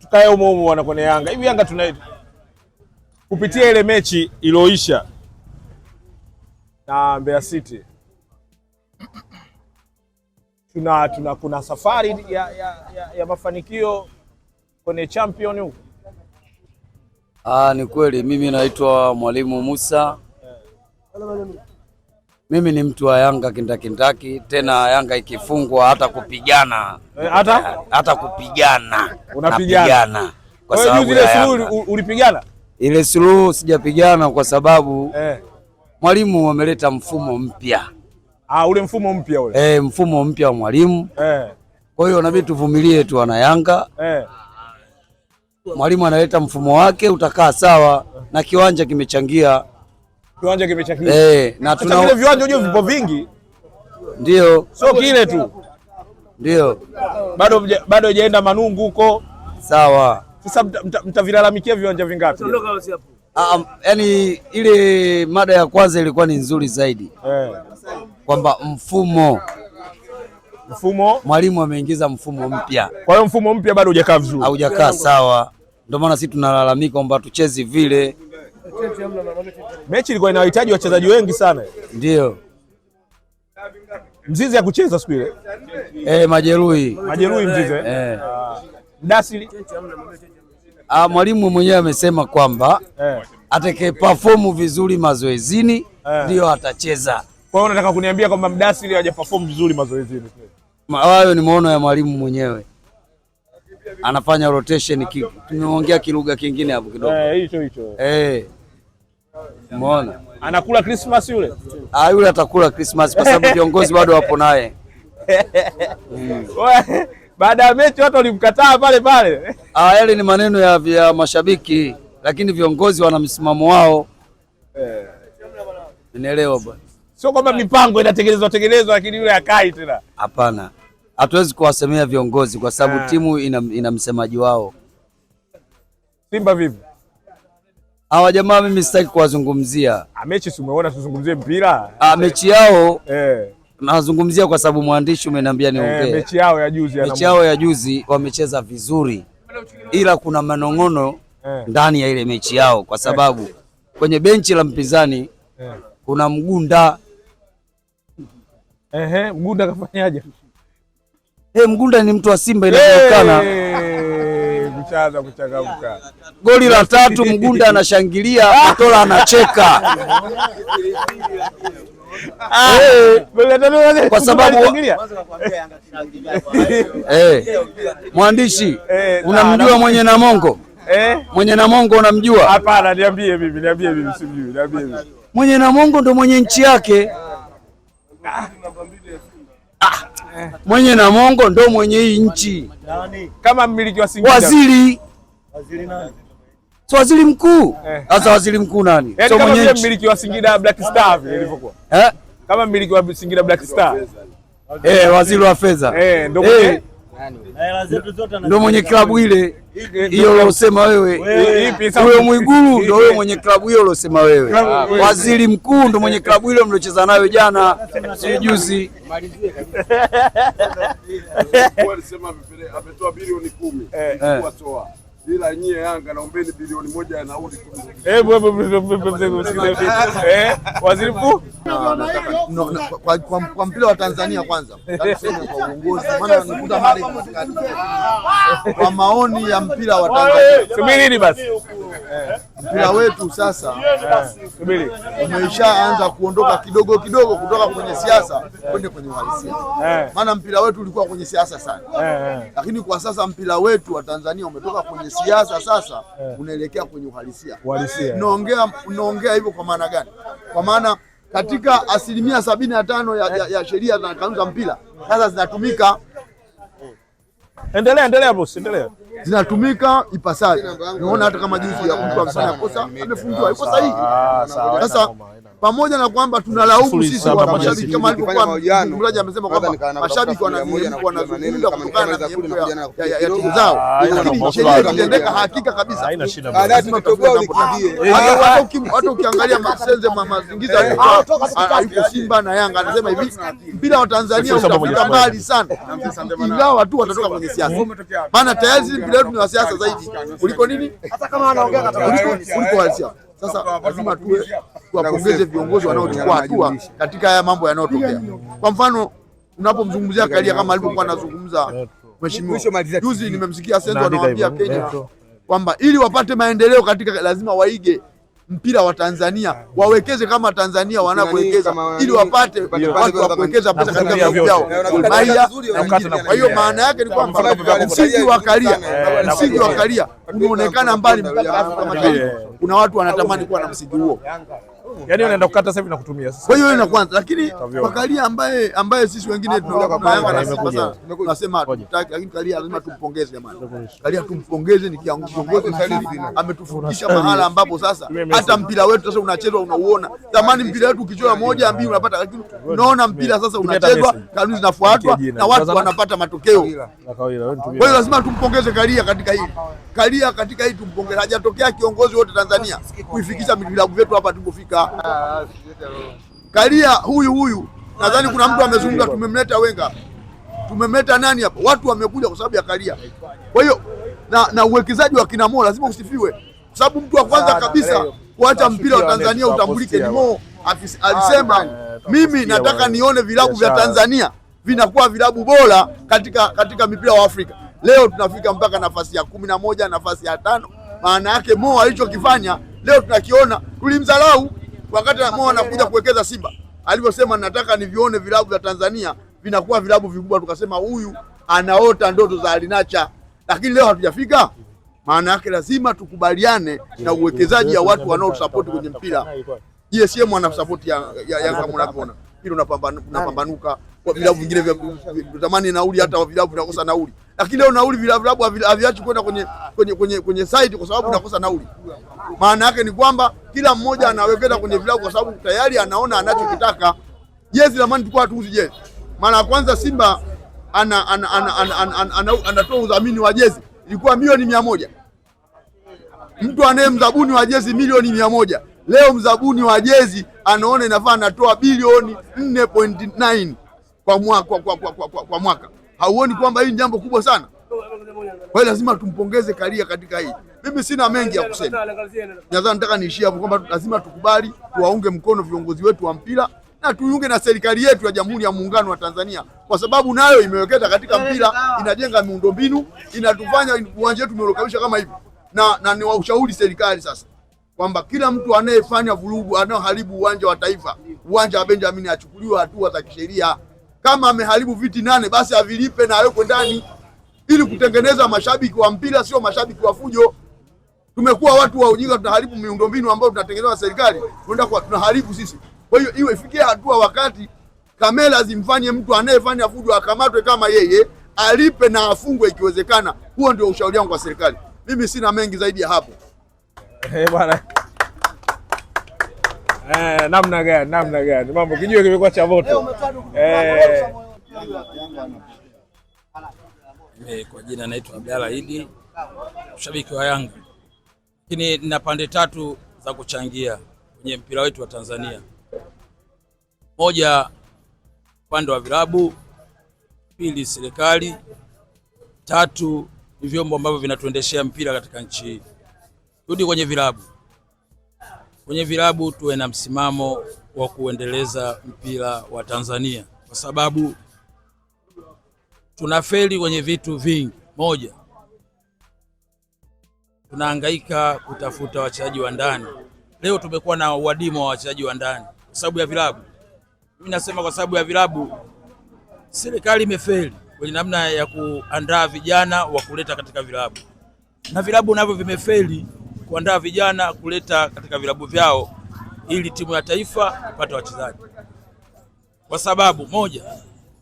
tukae humo humo wana kwenye Yanga. Hivi Yanga tuna kupitia ile mechi iliyoisha na Mbeya City tuna, tuna kuna safari ya, ya, ya, ya mafanikio kwenye champion huko. Ah, ni kweli. Mimi naitwa Mwalimu Musa mimi ni mtu wa Yanga kindakindaki, tena Yanga ikifungwa hata kupigana eh, hata hata kupigana unapigana kwa sababu ile suluhu ulipigana ile suluhu sijapigana kwa sababu eh, mwalimu ameleta mfumo mpya ah, ule mfumo mpya ule eh, mfumo mpya wa mwalimu eh. Kwa hiyo nabidi tuvumilie tu wana Yanga eh. Mwalimu analeta mfumo wake utakaa sawa na kiwanja kimechangia Kiwanja kimeshakiwa. Eh, na tuna vile viwanja unajua vipo vingi. Ndio. Sio kile tu. Ndio. Bado bado hajaenda Manungu huko. Sawa. Sasa mtavilalamikia viwanja vingapi? Ah, um, yani ile mada ya kwanza ilikuwa ni nzuri zaidi eh, kwamba mfumo mfumo mwalimu ameingiza mfumo mpya. Kwa hiyo mfumo mpya bado hujakaa vizuri, haujakaa sawa, ndio maana sisi tunalalamika kwamba tuchezi vile Mechi ilikuwa inawahitaji wachezaji wengi sana. Ndio. Mzizi ya kucheza siku ile. Eh, majeruhi. Majeruhi Mzizi. Eh. Mdasili. Eh. Ah, mwalimu mwenyewe amesema kwamba eh, atakaye perform vizuri mazoezini eh. ndio eh, atacheza. Kwa hiyo nataka kuniambia kwamba Mdasili haja perform vizuri mazoezini. Hayo ni maono ya mwalimu mwenyewe. Anafanya rotation, tumeongea kilugha kingine hapo kidogo. Eh, hicho hicho. Eh. Umeona? Anakula Christmas yule? Ah, yule atakula Christmas kwa sababu viongozi bado wapo naye. Baada ya mechi watu walimkataa pale pale. Ah, yale ni maneno ya vya mashabiki lakini viongozi wana msimamo wao. Eh. Nielewa bwana. Sio kwamba mipango inatengenezwa tengenezwa lakini yule akai tena. Hapana. Hatuwezi kuwasemea viongozi kwa sababu eh. timu ina, ina msemaji wao. Simba vipi? Hawa jamaa mimi sitaki kuwazungumzia. Ah, mechi si umeona, tuzungumzie mpira. Ah, mechi yao eh. Nazungumzia kwa sababu mwandishi umeniambia eh, niongee. Eh, mechi yao ya juzi, mechi yao ya juzi wamecheza vizuri, ila kuna manong'ono eh. ndani ya ile mechi yao kwa eh. sababu kwenye benchi la mpinzani kuna Mgunda Ehe, Mgunda kafanyaje? Eh, Mgunda ni mtu wa Simba inaonekana hey ameshaanza kuchangamka. Goli la tatu Mgunda anashangilia, Kotola anacheka kwa sababu eh. mwandishi eh, unamjua mwenye Namongo Eh? Mwenye Namongo unamjua? Hapana, niambie mimi, niambie mimi, sijui, niambie mimi. Mwenye Namongo ndo mwenye nchi yake. Ah, mwenye na mongo ndo mwenye hii nchi kama mmiliki wa Singida. Waziri waziri nani? So waziri mkuu Eh. Asa waziri mkuu nani? Yani so kama mwenye mmiliki wa Singida Black Star vile ilivyokuwa eh, kama mmiliki wa Singida Black Star eh, waziri wa fedha eh, ndo eh, ndo mwenye klabu ile hiyo uliosema wewe, huyo Mwigulu ndo huyo mwenye klabu hiyo uliosema wewe. Waziri mkuu ndo mwenye klabu ile mliocheza nayo jana, si juzi ila nyie Yanga naombeni bilioni moja ya nauli. Hebu hebu eh, waziri mkuu, kwa mpira wa Tanzania kwanza, kwa uongozi, maana nikuta mali kwa maoni ya mpira wa Tanzania. Subiri basi eh, mpira wetu sasa eh, anza kuondoka kidogo kidogo kutoka kwenye siasa kwende kwenye uhalisia, maana mpira wetu ulikuwa kwenye siasa sana, lakini kwa sasa mpira wetu wa Tanzania umetoka kwenye siasa eh. sasa yeah, unaelekea kwenye uhalisia. Naongea naongea hivyo kwa maana gani? Kwa maana katika asilimia sabini na tano ya, ya, ya sheria na kanuni za mpira sasa zinatumika. Endelea, endelea boss, endelea zinatumika ipasavyo. Unaona hata kama juzi ya mtu amsana kosa amefungiwa, yuko sahihi. Ah, sasa pamoja na kwamba tunalaumu sisi wa mashabiki kama alivyokuwa mlaji amesema kwamba mashabiki wanazungumza kutokana na miemko ya timu zao, ah, lakini chenye kitendeka hakika kabisa, eh. hata ukiangalia masenze mazingiza eh. ah, ah, alivyo Simba na Yanga, anasema hivi mpira wa Tanzania utafika mbali sana, ingawa watu watatoka kwenye siasa, maana tayari sisi mpira wetu ni wa siasa zaidi kuliko nini, kuliko wa siasa. Sasa lazima tuwe tuwapongeze viongozi wanaochukua hatua katika haya mambo yanayotokea. Kwa mfano unapomzungumzia Kalia kama alivyokuwa anazungumza mheshimiwa juzi, nimemsikia Sento anawaambia Kenya kwamba ili wapate maendeleo katika lazima waige mpira wa Tanzania wawekeze kama Tanzania wanavyowekeza ili wapate watu wa kuwekeza pesa katika vilabu vyao. Kwa hiyo maana yake ni kwamba eh, msingi wa Kalia, msingi wa Kalia unaonekana mbali mpaka Afrika Mashariki, kuna watu wanatamani kuwa na msingi huo. Yaani unaenda kukata sasa hivi na kutumia sasa. Kwa hiyo na kwanza lakini kwa Kalia ambaye ambaye sisi wengine tunasema tunasema tutaki lakini Kalia lazima tumpongeze jamani. Kalia tumpongeze ni kiongozi sahihi ametufikisha mahala ambapo sasa hata mpira wetu sasa unachezwa unauona. Zamani mpira wetu ukichoa moja mbili unapata lakini unaona mpira sasa unachezwa, kanuni zinafuatwa na watu wanapata matokeo. Kwa hiyo lazima tumpongeze Kalia katika hili. Kalia katika hili tumpongeze. Hajatokea kiongozi wote Tanzania kuifikisha vilabu vyetu hapa tumefika. Wenga kalia huyu huyu, nadhani kuna mtu amezungumza, tumemleta Wenga, tumemleta nani hapa, watu wamekuja kwa sababu ya kalia. Kwa hiyo na, na uwekezaji wa kina Mo lazima usifiwe, kwa sababu mtu wa kwanza kabisa kuacha mpira wa Tanzania utambulike ni Mo. Alisema ah, mimi nataka nione vilabu vya Tanzania vinakuwa vilabu bora katika, katika mipira wa Afrika. Leo tunafika mpaka nafasi ya kumi na moja nafasi ya tano. Maana yake Mo alichokifanya leo tunakiona, tulimdharau wakati ambao wanakuja kuwekeza Simba alivyosema, nataka nivione vilabu vya Tanzania vinakuwa vilabu vikubwa, tukasema huyu anaota ndoto za alinacha, lakini leo hatujafika. Maana yake lazima tukubaliane na uwekezaji ya watu wanaosapoti kwenye mpira. GSM wanasapoti Yanga ya, ya, mnavyoona hilo napambanuka, vilabu vingine vya tamani nauli, hata vilabu vinakosa nauli lakini leo nauli vilabu haviachi kwenda kwenye, kwenye, kwenye, kwenye site kwa sababu nakosa nauli. Maana yake ni kwamba kila mmoja anawekeza kwenye vilabu kwa sababu tayari anaona anachokitaka. Jezi zamani tulikuwa hatuuzi jezi. Mara ya kwanza Simba ana, ana, ana, ana, ana, ana, ana, anatoa udhamini wa jezi ilikuwa milioni mia moja. Mtu anaye mzabuni wa jezi milioni mia moja. Leo mzabuni wa jezi anaona inafaa anatoa bilioni 4.9 kwa mwaka, kwa, kwa, kwa, kwa, kwa mwaka hauoni kwamba hii ni jambo kubwa sana? Kwa hiyo lazima tumpongeze Karia katika hii. Mimi sina mengi ya kusema, nadhani nataka niishie hapo kwamba lazima tukubali tuwaunge mkono viongozi wetu wa mpira na tuiunge na serikali yetu ya Jamhuri ya Muungano wa Tanzania, kwa sababu nayo imewekeza katika mpira, inajenga miundombinu, inatufanya uwanja wetu umerekebishwa kama hivi, na, na waushauri serikali sasa kwamba kila mtu anayefanya vurugu, anayoharibu uwanja wa Taifa, uwanja wa Benjamin achukuliwe hatua za kisheria. Kama ameharibu viti nane, basi avilipe na awekwe ndani, ili kutengeneza mashabiki wa mpira, sio mashabiki wa fujo. Tumekuwa watu wa ujinga, tunaharibu miundombinu ambayo tunatengeneza serikali, tunaenda kwa tunaharibu sisi. Kwa hiyo iwe ifikie hatua wakati kamera zimfanye mtu anayefanya fujo akamatwe kama yeye, alipe na afungwe ikiwezekana. Huo ndio ushauri wangu kwa serikali. Mimi sina mengi zaidi ya hapo. Hey, eh, bwana. Eh, namna gani, namna gani mambo, kijue kimekuwa cha moto eh. Kwa jina naitwa Abdalla Idi, mshabiki wa Yanga, lakini nina pande tatu za kuchangia kwenye mpira wetu wa Tanzania. Moja, upande wa vilabu; pili, serikali; tatu, ni vyombo ambavyo vinatuendeshea mpira katika nchi hii. Rudi kwenye vilabu kwenye vilabu tuwe na msimamo wa kuendeleza mpira wa Tanzania, kwa sababu tunafeli kwenye vitu vingi. Moja, tunahangaika kutafuta wachezaji wa ndani. Leo tumekuwa na uadimu wa wachezaji wa ndani kwa sababu ya vilabu. Mimi nasema kwa sababu ya vilabu, serikali imefeli kwenye namna ya kuandaa vijana wa kuleta katika vilabu na vilabu navyo vimefeli kuandaa vijana kuleta katika vilabu vyao ili timu ya taifa ipate wachezaji, kwa sababu moja,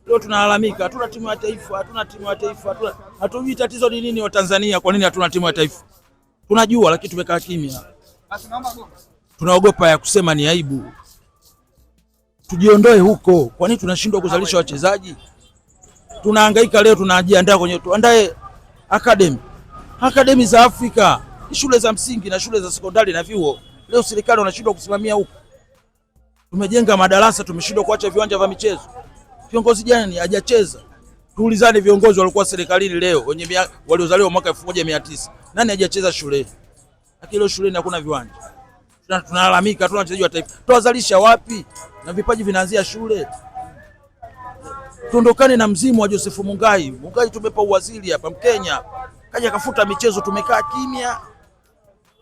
leo tunalalamika hatuna timu ya taifa, hatuna timu ya taifa, hatuna hatujui tatizo ni nini wa Tanzania, kwa nini hatuna timu ya taifa? Tunajua, lakini tumekaa kimya, tunaogopa ya kusema, ni aibu. Tujiondoe huko, kwa nini tunashindwa kuzalisha wachezaji? Tunahangaika leo, tunajiandaa kwenye, tuandae academy, academy za Afrika shule za msingi na shule za sekondari na vyuo. Leo serikali wanashindwa kusimamia huko. Tumejenga madarasa, tumeshindwa kuacha viwanja vya michezo. Viongozi gani hajacheza? Tuulizane, viongozi walikuwa serikalini leo wenye waliozaliwa mwaka elfu moja mia tisa nani hajacheza shule? Lakini leo shuleni hakuna viwanja, tunalalamika tuna wachezaji wa taifa. Tuwazalisha wapi? Na vipaji vinaanzia shule. Tuondokane na mzimu wa Josefu Mungai. Mungai tumepa uwaziri hapa, Mkenya kaja kafuta michezo, tumekaa kimya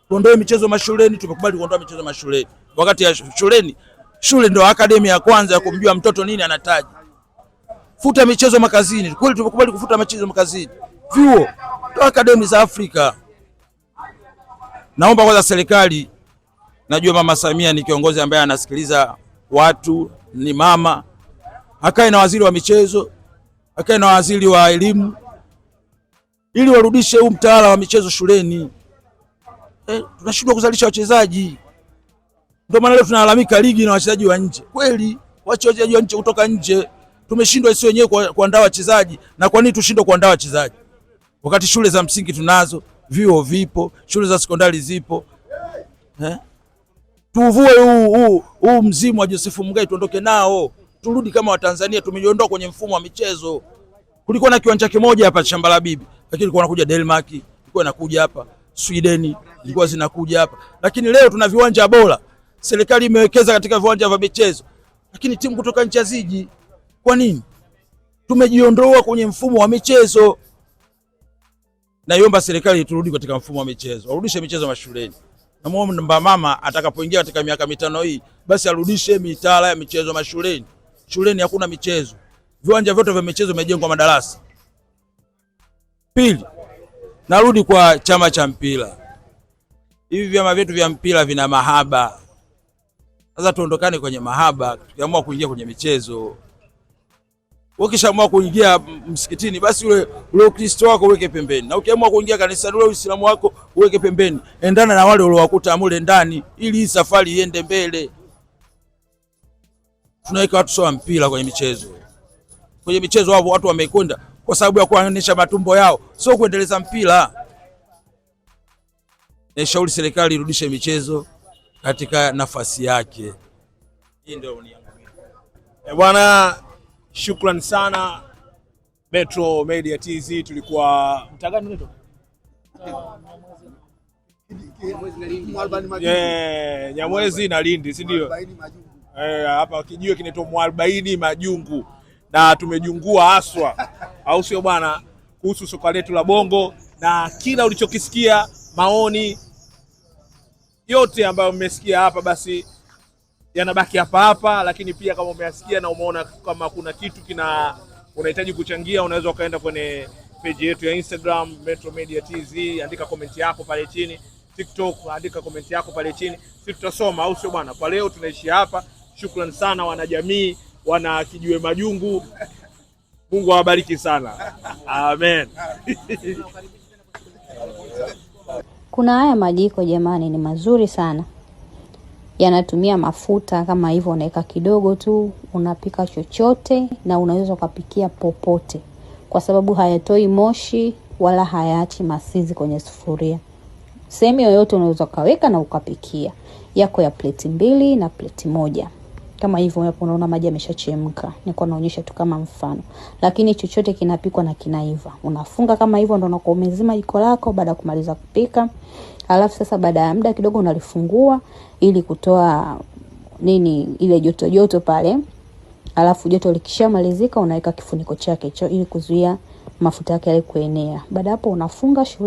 tuondoe michezo mashuleni. Tumekubali kuondoa michezo mashuleni, wakati ya shuleni, shule ndio akademi ya kwanza ya kumjua mtoto nini anataji. Futa michezo makazini, kweli tumekubali kufuta michezo makazini. Vyuo toa akademi za Afrika. Naomba kwanza serikali, najua mama Samia ni kiongozi ambaye anasikiliza watu, ni mama, akae na waziri wa michezo, akae na waziri wa elimu, ili warudishe huu mtaala wa michezo shuleni eh, tunashindwa kuzalisha wachezaji. Ndio maana leo tunalalamika ligi na wachezaji wa nje. Kweli wachezaji wa nje kutoka nje. Tumeshindwa sisi wenyewe kuandaa wachezaji, na kwa nini tushindwe kuandaa wachezaji wakati shule za msingi tunazo, vyuo vipo, shule za sekondari zipo eh? Tuvue huu huu huu mzimu wa Josefu Mgai tuondoke nao, turudi kama Watanzania. Tumejiondoa kwenye mfumo wa michezo. Kulikuwa na kiwanja kimoja hapa Shambala bibi, lakini ilikuwa nakuja Delmark, kulikuwa nakuja hapa Sweden zilikuwa zinakuja hapa, lakini leo tuna viwanja bora, serikali imewekeza katika viwanja vya michezo, lakini timu kutoka nchi ziji. Kwa nini? Tumejiondoa kwenye mfumo wa michezo. Naiomba serikali turudi katika mfumo wa michezo, warudishe michezo mashuleni. Namwomba mama atakapoingia katika miaka mitano hii, basi arudishe mitaala ya michezo mashuleni. Shuleni hakuna michezo, viwanja vyote vya michezo vimejengwa madarasa. Pili, Narudi kwa chama cha mpira. Hivi vyama vyetu vya mpira vina mahaba. Sasa tuondokane kwenye mahaba, tukiamua kuingia kwenye michezo. Ukishaamua kuingia msikitini, basi ule ule Ukristo wako uweke pembeni, na ukiamua kuingia kanisani, ule Uislamu wako uweke pembeni. Endana na wale uliowakuta mule ndani, ili hii safari iende mbele. Tunaweka watu sawa mpira kwenye michezo, kwenye michezo wapo watu wamekonda, kwa sababu ya kuonyesha matumbo yao, sio kuendeleza mpira. naishauri serikali irudishe michezo katika nafasi yake. e, bwana, shukrani sana Metro Media TZ. Tulikuwa mtagani Nyamwezi na Lindi, si ndio? Eh, hapa kijiwe kinaitwa Mwarobaini Majungu na tumejungua haswa au sio bwana, kuhusu soka letu la Bongo na kila ulichokisikia, maoni yote ambayo mmesikia hapa, basi yanabaki hapa hapa. Lakini pia kama umeyasikia na umeona kama kuna kitu kina unahitaji kuchangia, unaweza ukaenda kwenye peji yetu ya Instagram Metro Media TZ, andika komenti yako pale chini. TikTok, andika komenti yako pale chini, si tutasoma, au sio bwana? Kwa leo tunaishia hapa. Shukrani sana wanajamii, wana kijiwe majungu Mungu awabariki sana, amen. Kuna haya majiko jamani, ni mazuri sana, yanatumia mafuta kama hivyo, unaweka kidogo tu, unapika chochote na unaweza ukapikia popote, kwa sababu hayatoi moshi wala hayaachi masizi kwenye sufuria. Sehemu yoyote unaweza ukaweka na ukapikia yako ya pleti mbili na pleti moja kama hivyo hapo, unaona maji yameshachemka. Nilikuwa naonyesha tu kama mfano, lakini chochote kinapikwa na kinaiva, unafunga kama hivyo, ndio unakuwa umezima jiko lako baada ya kumaliza kupika. Alafu sasa, baada ya muda kidogo, unalifungua ili kutoa nini, ile joto joto pale. Alafu joto likishamalizika, unaweka kifuniko chake cho ili kuzuia mafuta yake yale kuenea. Baada hapo, unafunga shu